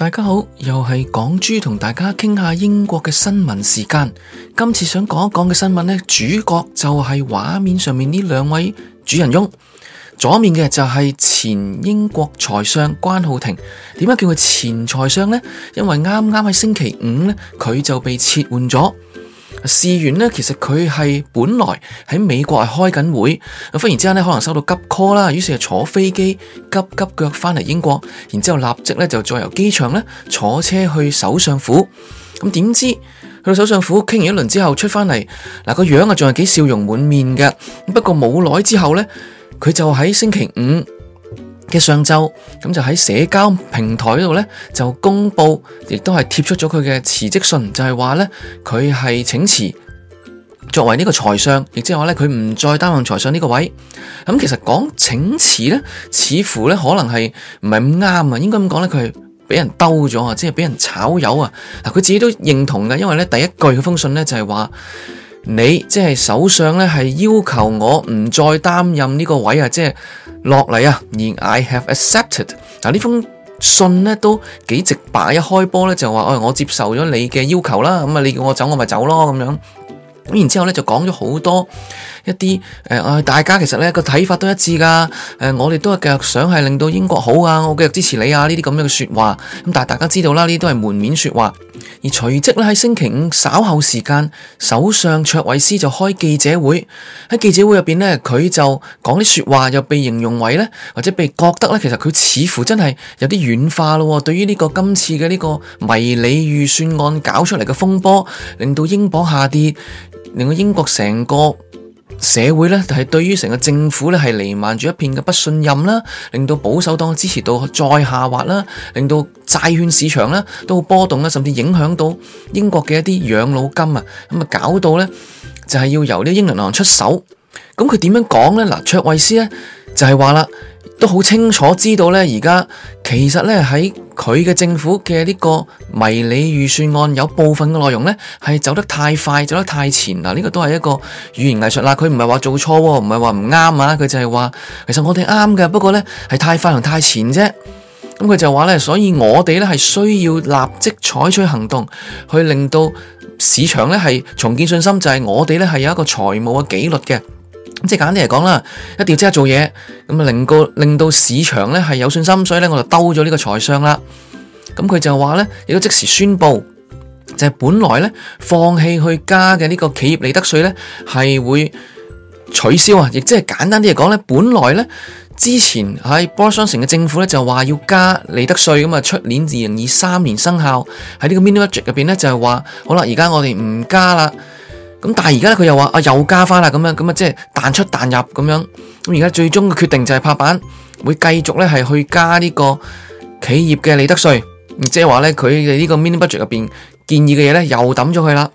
大家好，又係港豬同大家傾下英國嘅新聞時間。今次想講一講嘅新聞呢，主角就係畫面上面呢兩位主人翁。左面嘅就係前英國財相關浩霆。點解叫佢前財相呢？因為啱啱喺星期五呢，佢就被撤換咗。事源呢，其實佢係本來喺美國係開緊會，忽然之間呢，可能收到急 call 啦，於是就坐飛機急急腳翻嚟英國，然之後立即呢就再由機場呢坐車去首相府，咁點知去到首相府傾完一輪之後出翻嚟，嗱個樣啊，仲係幾笑容滿面嘅，不過冇耐之後呢，佢就喺星期五。嘅上晝咁就喺社交平台嗰度咧，就公布亦都係貼出咗佢嘅辭職信，就係話咧佢係請辭作為呢個財相，亦即係話咧佢唔再擔任財相呢個位。咁、嗯、其實講請辭咧，似乎咧可能係唔係咁啱啊，應該咁講咧佢俾人兜咗啊，即係俾人炒魷啊。嗱，佢自己都認同嘅，因為咧第一句封信咧就係話。你即係首相咧，係要求我唔再擔任呢個位啊，即係落嚟啊。而 I have accepted 嗱，呢封信咧都幾直白，一開波咧就話，我接受咗你嘅要求啦，咁啊，你叫我走，我咪走咯咁樣。咁然之後咧就講咗好多一啲誒，大家其實咧個睇法都一致噶。誒，我哋都係嘅想係令到英國好啊，我繼續支持你啊呢啲咁樣嘅說話。咁但係大家知道啦，呢啲都係門面說話。而隨即呢，喺星期五稍後時間，首相卓慧思就開記者會。喺記者會入邊呢，佢就講啲說話，又被形容為呢，或者被覺得呢，其實佢似乎真係有啲軟化咯。對於呢個今次嘅呢個迷你預算案搞出嚟嘅風波，令到英鎊下跌，令到英國成個。社會咧，但係對於成個政府咧係瀰漫住一片嘅不信任啦，令到保守黨嘅支持度再下滑啦，令到債券市場咧都好波動啦，甚至影響到英國嘅一啲養老金啊，咁啊搞到咧就係要由呢英倫銀行出手，咁佢點樣講咧？嗱，卓慧斯咧。就係話啦，都好清楚知道呢。而家其實呢，喺佢嘅政府嘅呢個迷你預算案有部分嘅內容呢係走得太快，走得太前。嗱，呢、這個都係一個語言藝術啦。佢唔係話做錯，唔係話唔啱啊，佢就係話其實我哋啱嘅，不過呢係太快同太前啫。咁佢就話呢，所以我哋呢係需要立即採取行動去令到市場呢係重建信心就，就係我哋呢係有一個財務嘅紀律嘅。咁即係簡單啲嚟講啦，一定要即刻做嘢，咁啊令令到市場咧係有信心，所以咧我就炒咗呢個財商相啦。咁佢就話咧，亦都即時宣布，就係、是、本來咧放棄去加嘅呢個企業利得稅咧，係會取消啊！亦即係簡單啲嚟講咧，本來咧之前喺波商城嘅政府咧就話要加利得稅咁啊，出年二零二三年生效喺呢個 mini budget 入面咧就係話，好啦，而家我哋唔加啦。咁但係而家佢又話啊，又加翻啦，咁樣，咁啊即係彈出彈入咁樣，咁而家最終嘅決定就係拍板會繼續咧係去加呢個企業嘅利得稅，即係話咧，佢哋呢個 mini budget 入邊建議嘅嘢咧又抌咗佢啦。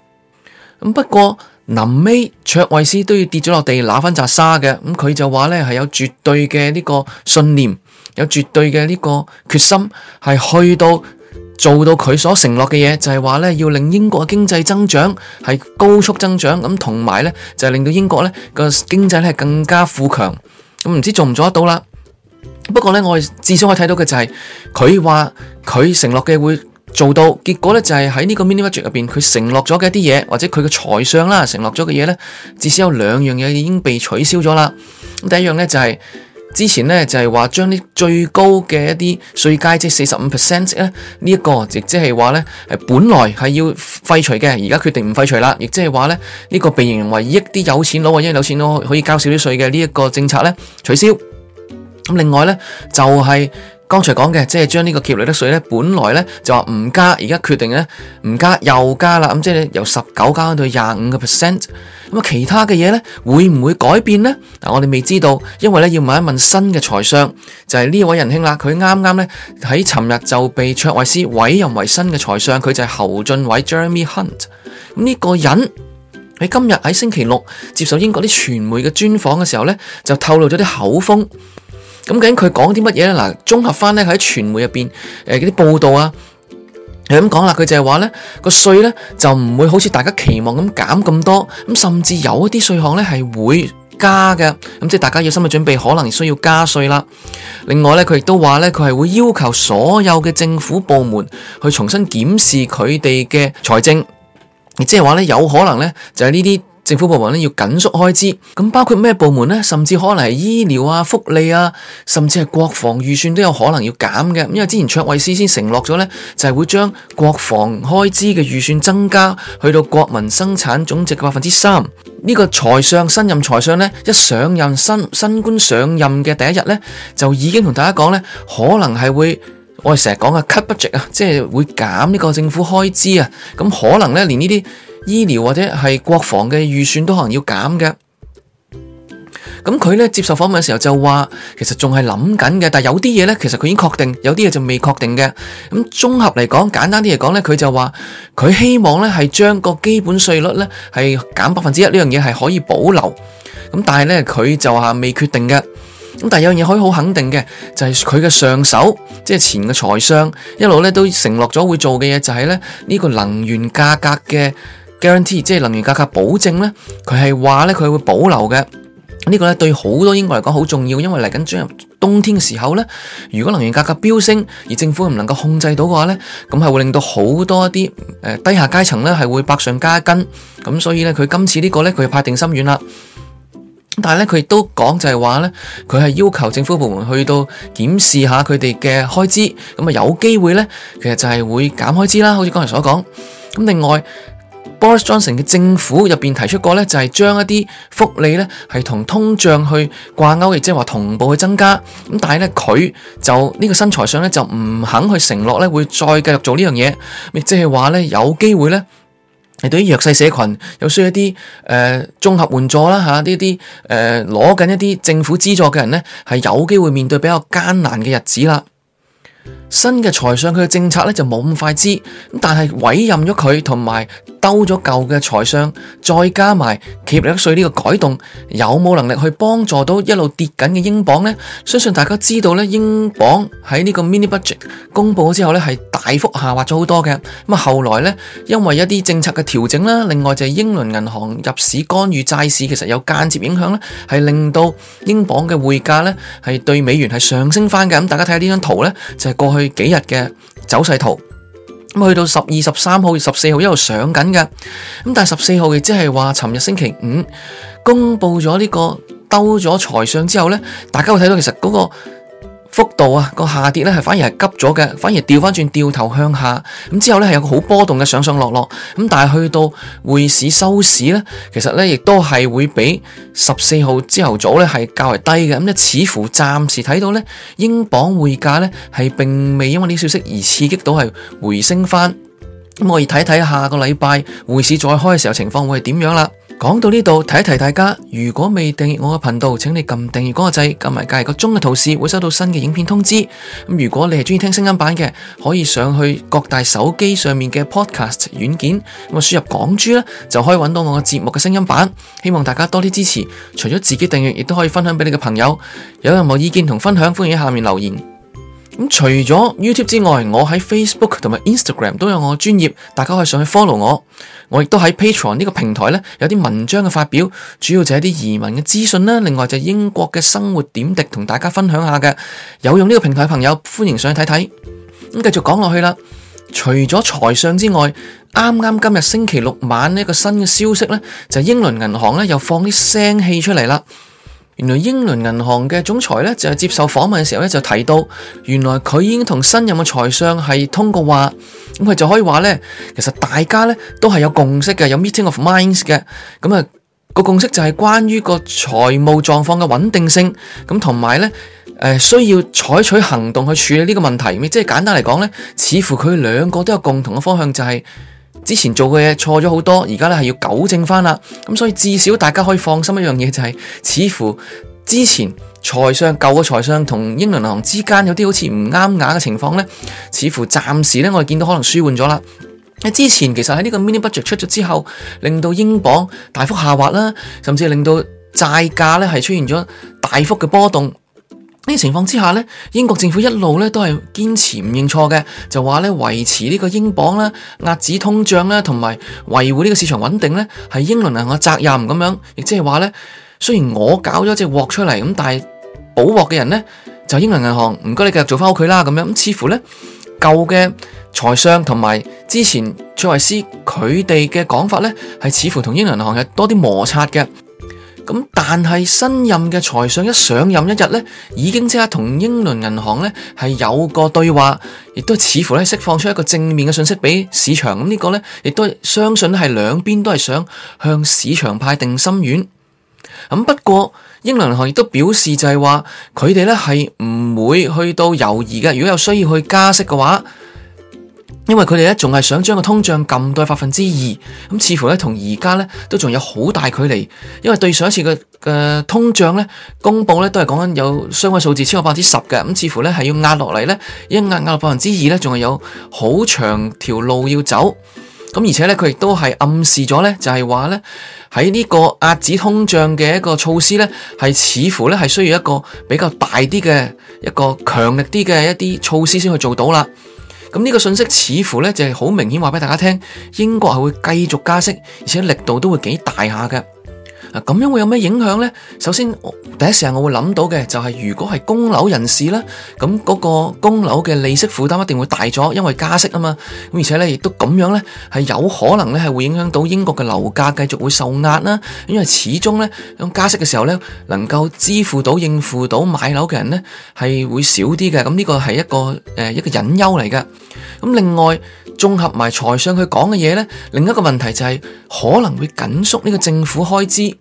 咁不過臨尾卓慧斯都要跌咗落地拿翻扎沙嘅，咁佢就話咧係有絕對嘅呢個信念，有絕對嘅呢個決心係去到做到佢所承諾嘅嘢，就係話咧，要令英國嘅經濟增長係高速增長，咁同埋呢，就係令到英國咧個經濟咧更加富強。咁唔知做唔做得到啦？不過呢，我至少可以睇到嘅就係佢話佢承諾嘅會做到，結果呢，就係喺呢個 mini budget 入邊，佢承諾咗嘅一啲嘢，或者佢嘅財相啦承諾咗嘅嘢呢，至少有兩樣嘢已經被取消咗啦。第一樣呢，就係，就係。之前呢，就係、是、話將呢最高嘅一啲稅階即四十五 percent 呢一、這個，亦即係話呢，本來係要廢除嘅，而家決定唔廢除啦，亦即係話呢，呢、這個被認為益啲有錢佬或因為有錢佬可以交少啲稅嘅呢一個政策呢，取消。咁另外呢，就係、是、剛才講嘅，即係將呢個劫掠的稅呢，本來呢就話唔加，而家決定呢，唔加又加啦，咁即係由十九加到廿五個 percent。咁其他嘅嘢呢，會唔會改變呢？嗱，我哋未知道，因為咧要問一問新嘅財相，就係、是、呢位仁兄啦。佢啱啱呢喺尋日就被卓慧思委任為新嘅財相，佢就係侯俊偉 Jeremy Hunt。咁、這、呢個人喺今日喺星期六接受英國啲傳媒嘅專訪嘅時候呢，就透露咗啲口風。咁究竟佢講啲乜嘢呢？嗱，綜合返呢喺傳媒入邊誒嗰啲報道啊。咁講啦，佢就係話呢個稅呢，就唔會好似大家期望咁減咁多，咁甚至有一啲稅項呢係會加嘅，咁即係大家要心理準備，可能需要加稅啦。另外呢，佢亦都話呢，佢係會要求所有嘅政府部門去重新檢視佢哋嘅財政，即係話呢，有可能呢，就係呢啲。政府部門咧要緊縮開支，咁包括咩部門呢？甚至可能係醫療啊、福利啊，甚至係國防預算都有可能要減嘅。因為之前卓慧思先承諾咗呢就係、是、會將國防開支嘅預算增加去到國民生產總值嘅百分之三。呢、這個財相，新任財相呢，一上任，新，新官上任嘅第一日呢，就已經同大家講呢，可能係會我哋成日講嘅 cut budget 啊，即係會減呢個政府開支啊。咁可能呢，連呢啲。醫療或者係國防嘅預算都可能要減嘅。咁佢呢接受訪問嘅時候就話，其實仲係諗緊嘅。但有啲嘢呢，其實佢已經確定，有啲嘢就未確定嘅。咁綜合嚟講，簡單啲嚟講呢，佢就話佢希望呢係將個基本稅率呢係減百分之一呢樣嘢係可以保留。咁但係呢，佢就話未決定嘅。咁但係有樣嘢可以好肯定嘅，就係佢嘅上手，即係前嘅財相一路呢都承諾咗會做嘅嘢，就係呢呢個能源價格嘅。guarantee 即係能源價格保證呢，佢係話呢，佢會保留嘅。呢個呢，對好多英國嚟講好重要，因為嚟緊進入冬天嘅時候呢，如果能源價格飆升而政府唔能夠控制到嘅話呢，咁係會令到好多啲低下階層呢係會百上加斤咁，所以呢，佢今次呢個呢，佢派定心丸啦。但係呢，佢亦都講就係話呢，佢係要求政府部門去到檢視一下佢哋嘅開支，咁啊有機會呢，其實就係會減開支啦。好似剛才所講咁，咁另外。Boris Johnson 嘅政府入邊提出過咧，就係將一啲福利咧係同通脹去掛鈎，亦即係話同步去增加。咁但係咧佢就呢、這個新財上咧就唔肯去承諾咧會再繼續做呢樣嘢，亦即係話咧有機會咧，係對於弱勢社群有需要一啲誒綜合援助啦吓，呢啲誒攞緊一啲政府資助嘅人咧係有機會面對比較艱難嘅日子啦。新嘅財相佢嘅政策咧就冇咁快知，咁但係委任咗佢同埋兜咗舊嘅財相，再加埋企業利得稅呢個改動，有冇能力去幫助到一路跌緊嘅英鎊呢？相信大家知道呢，英鎊喺呢個 mini budget 公布咗之後呢，係大幅下滑咗好多嘅。咁啊，後來呢，因為一啲政策嘅調整啦，另外就係英倫銀行入市干預債市，其實有間接影響啦，係令到英鎊嘅匯價呢，係對美元係上升翻嘅。咁大家睇下呢張圖呢，就係過去。幾日嘅走勢圖，咁去到十二十三號、十四號一路上緊嘅，咁但係十四號亦即係話，尋日星期五公布咗呢個兜咗財相之後呢，大家會睇到其實嗰個幅度啊，個下跌咧係反而係急咗嘅，反而調翻轉掉頭向下咁之後咧係有個好波動嘅上上落落咁，但係去到匯市收市咧，其實咧亦都係會比十四號朝頭早咧係較為低嘅咁咧，似乎暫時睇到咧英鎊匯價咧係並未因為呢啲消息而刺激到係回升翻咁，我哋睇睇下個禮拜匯市再開嘅時候情況會係點樣啦。講到呢度，提一提大家，如果未訂閱我嘅頻道，請你撳訂閱個掣，撳埋隔一個鐘嘅圖示，會收到新嘅影片通知。咁如果你係中意聽聲音版嘅，可以上去各大手機上面嘅 Podcast 軟件，咁輸入港豬啦，就可以搵到我嘅節目嘅聲音版。希望大家多啲支持，除咗自己訂閱，亦都可以分享俾你嘅朋友。有任何意見同分享，歡迎喺下面留言。咁除咗 YouTube 之外，我喺 Facebook 同埋 Instagram 都有我嘅專頁，大家可以上去 follow 我。我亦都喺 Patreon 呢個平台呢，有啲文章嘅發表，主要就係啲移民嘅資訊啦，另外就係英國嘅生活點滴，同大家分享下嘅。有用呢個平台嘅朋友，歡迎上去睇睇。咁繼續講落去啦，除咗財相之外，啱啱今日星期六晚呢個新嘅消息呢，就係英倫銀行呢又放啲聲氣出嚟啦。原來英倫銀行嘅總裁咧，就係接受訪問嘅時候咧，就提到，原來佢已經同新任嘅財相係通過話，咁佢就可以話咧，其實大家咧都係有共識嘅，有 meeting of minds 嘅，咁啊個共識就係關於個財務狀況嘅穩定性，咁同埋咧，誒需要採取行動去處理呢個問題，即係簡單嚟講咧，似乎佢兩個都有共同嘅方向就係。之前做嘅嘢錯咗好多，而家咧係要糾正翻啦。咁所以至少大家可以放心一樣嘢，就是，就係似乎之前財相舊嘅財相同英倫銀行之間有啲好似唔啱牙嘅情況呢，似乎暫時呢，我哋見到可能舒緩咗啦。之前其實喺呢個 MINI BUDGET 出咗之後，令到英鎊大幅下滑啦，甚至令到債價呢係出現咗大幅嘅波動。呢情況之下呢，英國政府一路呢都係堅持唔認錯嘅，就話呢維持呢個英鎊啦，壓制通脹啦，同埋維護呢個市場穩定呢係英倫銀行嘅責任咁樣。亦即係話呢，雖然我搞咗隻鑊出嚟咁，但係補鑊嘅人呢，就係、英倫銀行，唔該你繼續做翻好佢啦咁樣。似乎呢，舊嘅財相同埋之前崔維斯佢哋嘅講法呢，係似乎同英倫銀行有多啲摩擦嘅。咁但係新任嘅財相一上任一日呢，已經即刻同英倫銀行呢係有個對話，亦都似乎咧釋放出一個正面嘅信息俾市場。咁、這、呢個呢，亦都相信係兩邊都係想向市場派定心丸。咁不過英倫銀行亦都表示就係話，佢哋呢係唔會去到猶豫嘅，如果有需要去加息嘅話。因為佢哋咧，仲係想將個通脹撳到百分之二，咁似乎咧，同而家咧都仲有好大距離。因為對上一次嘅嘅，呃、通脹咧，公布咧都係講緊有雙位數字超過百分之十嘅，咁、嗯、似乎咧係要壓落嚟咧，一壓壓落百分之二咧，仲係有好長條路要走。咁而且咧，佢亦都係暗示咗咧，就係話咧喺呢個壓止通脹嘅一個措施咧，係似乎咧係需要一個比較大啲嘅一個強力啲嘅一啲措施先去做到啦。咁呢個信息似乎呢，就係好明顯話俾大家聽，英國係會繼續加息，而且力度都會幾大下㗎。咁樣會有咩影響呢？首先，第一時間我會諗到嘅就係、是、如果係供樓人士啦，咁、那、嗰個供樓嘅利息負擔一定會大咗，因為加息啊嘛。咁而且咧，亦都咁樣咧，係有可能咧係會影響到英國嘅樓價繼續會受壓啦。因為始終咧，加息嘅時候咧，能夠支付到應付到買樓嘅人咧係會少啲嘅。咁、這、呢個係一個誒、呃、一個隱憂嚟㗎。咁另外，綜合埋財相去講嘅嘢咧，另一個問題就係、是、可能會緊縮呢個政府開支。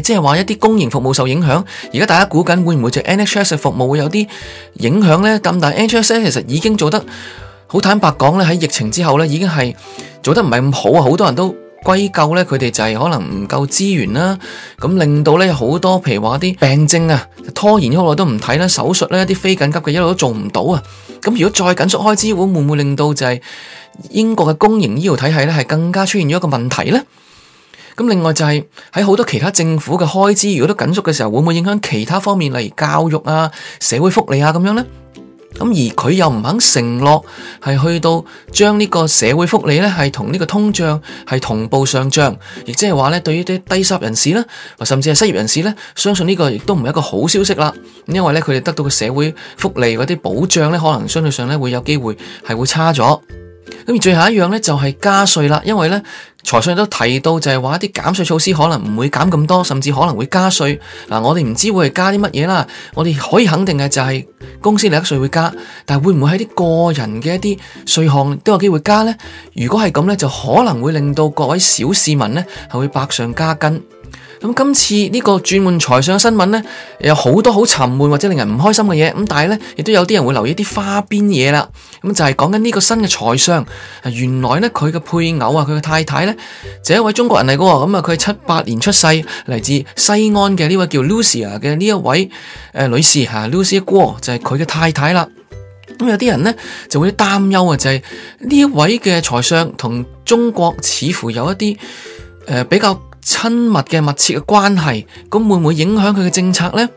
即係話一啲公營服務受影響，而家大家估緊會唔會就 NHS 嘅服務會有啲影響呢？咁但係 NHS 其實已經做得好坦白講咧，喺疫情之後咧已經係做得唔係咁好，好多人都歸咎咧佢哋就係可能唔夠資源啦，咁令到咧好多譬如話啲病症啊拖延咗好耐都唔睇啦，手術咧一啲非緊急嘅一路都做唔到啊。咁如果再緊縮開支，會會唔會令到就係英國嘅公營醫療體系咧係更加出現咗一個問題呢？咁另外就係喺好多其他政府嘅開支，如果都緊縮嘅時候，會唔會影響其他方面，例如教育啊、社會福利啊咁樣呢？咁而佢又唔肯承諾係去到將呢個社會福利呢係同呢個通脹係同步上漲，亦即係話呢，對於啲低收入人士啦，甚至係失業人士呢，相信呢個亦都唔係一個好消息啦，因為呢，佢哋得到嘅社會福利嗰啲保障呢，可能相對上呢會有機會係會差咗。咁而最後一樣呢，就係、是、加稅啦，因為呢。財相都提到就係話一啲減稅措施可能唔會減咁多，甚至可能會加稅。啊，我哋唔知會係加啲乜嘢啦。我哋可以肯定嘅就係公司利得稅會加，但係會唔會喺啲個人嘅一啲稅項都有機會加呢？如果係咁呢，就可能會令到各位小市民呢係會百上加斤。咁今次呢個轉換財相新聞呢，有好多好沉悶或者令人唔開心嘅嘢。咁但係呢，亦都有啲人會留意啲花邊嘢啦。咁就係講緊呢個新嘅財相。原來呢，佢嘅配偶啊，佢嘅太太呢，就係一位中國人嚟喎。咁啊，佢係七八年出世，嚟自，西安嘅呢位叫 Lucia 嘅呢一位女士吓，啊，Lucia 哥就係佢嘅太太啦。咁有啲人呢，就會擔憂啊，就係，係，呢一位嘅財相同中國似乎有一啲，呃、比較。親密嘅密切嘅關係，咁會唔會影響佢嘅政策呢？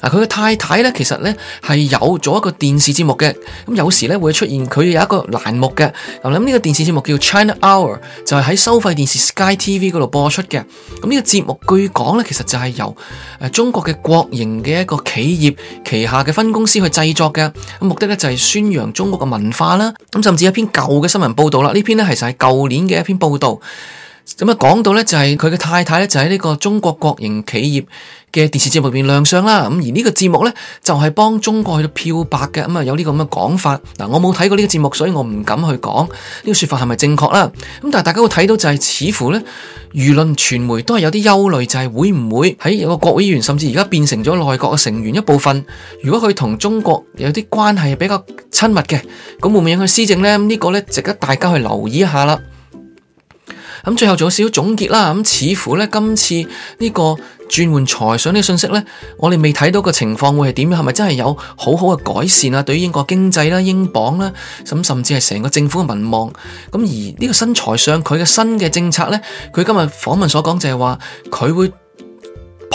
嗱，佢嘅太太呢，其實呢係有做一個電視節目嘅，咁有時呢會出現佢有一個欄目嘅。咁呢個電視節目叫 China Hour，就係喺收費電視 Sky TV 嗰度播出嘅。咁呢個節目據講呢，其實就係由誒中國嘅國營嘅一個企業旗下嘅分公司去製作嘅，咁目的呢，就係宣揚中國嘅文化啦。咁甚至有一篇舊嘅新聞報導啦，呢篇呢，其實係舊年嘅一篇報導。咁啊，講到咧，就係佢嘅太太咧，就喺呢個中國國營企業嘅電視節目入邊亮相啦。咁而呢個節目咧，就係幫中國去到漂白嘅，咁啊有呢個咁嘅講法。嗱，我冇睇過呢個節目，所以我唔敢去講呢個說法係咪正確啦。咁但係大家會睇到就係，似乎咧，輿論傳媒都係有啲憂慮，就係會唔會喺有個國會議員，甚至而家變成咗內閣嘅成員一部分，如果佢同中國有啲關係比較親密嘅，咁會唔會影響佢施政咧？呢、呢個咧值得大家去留意一下啦。咁最後做少少總結啦，咁似乎呢，今次呢個轉換財相呢個信息呢，我哋未睇到個情況會係點，係咪真係有好好嘅改善啊？對於英國經濟啦、英鎊啦，咁甚至係成個政府嘅民望，咁而呢個新財相佢嘅新嘅政策呢，佢今日訪問所講就係話佢會。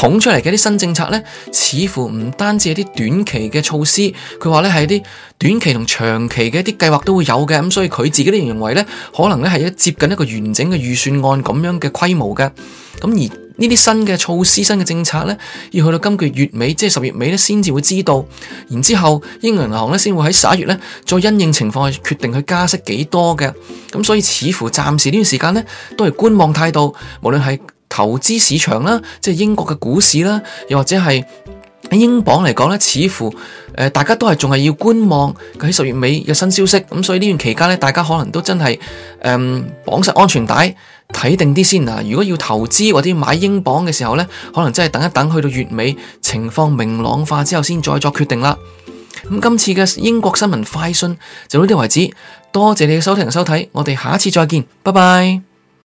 捧出嚟嘅啲新政策呢，似乎唔單止係啲短期嘅措施，佢話呢係啲短期同長期嘅一啲計劃都會有嘅，咁所以佢自己都認為呢，可能呢係一接近一個完整嘅預算案咁樣嘅規模嘅，咁而呢啲新嘅措施、新嘅政策呢，要去到今個月尾，即係十月尾呢，先至會知道，然之後英格蘭銀行呢，先會喺十一月呢，再因應情況去決定佢加息幾多嘅，咁所以似乎暫時呢段時間呢，都係觀望態度，無論係。投資市場啦，即係英國嘅股市啦，又或者係喺英鎊嚟講呢，似乎大家都係仲係要觀望佢喺十月尾嘅新消息，咁所以呢段期間呢，大家可能都真係誒、嗯、綁實安全帶睇定啲先啊！如果要投資或者買英鎊嘅時候呢，可能真係等一等，去到月尾情況明朗化之後，先再作決定啦。咁今次嘅英國新聞快訊就到呢度為止，多謝你嘅收聽同收睇，我哋下次再見，拜拜。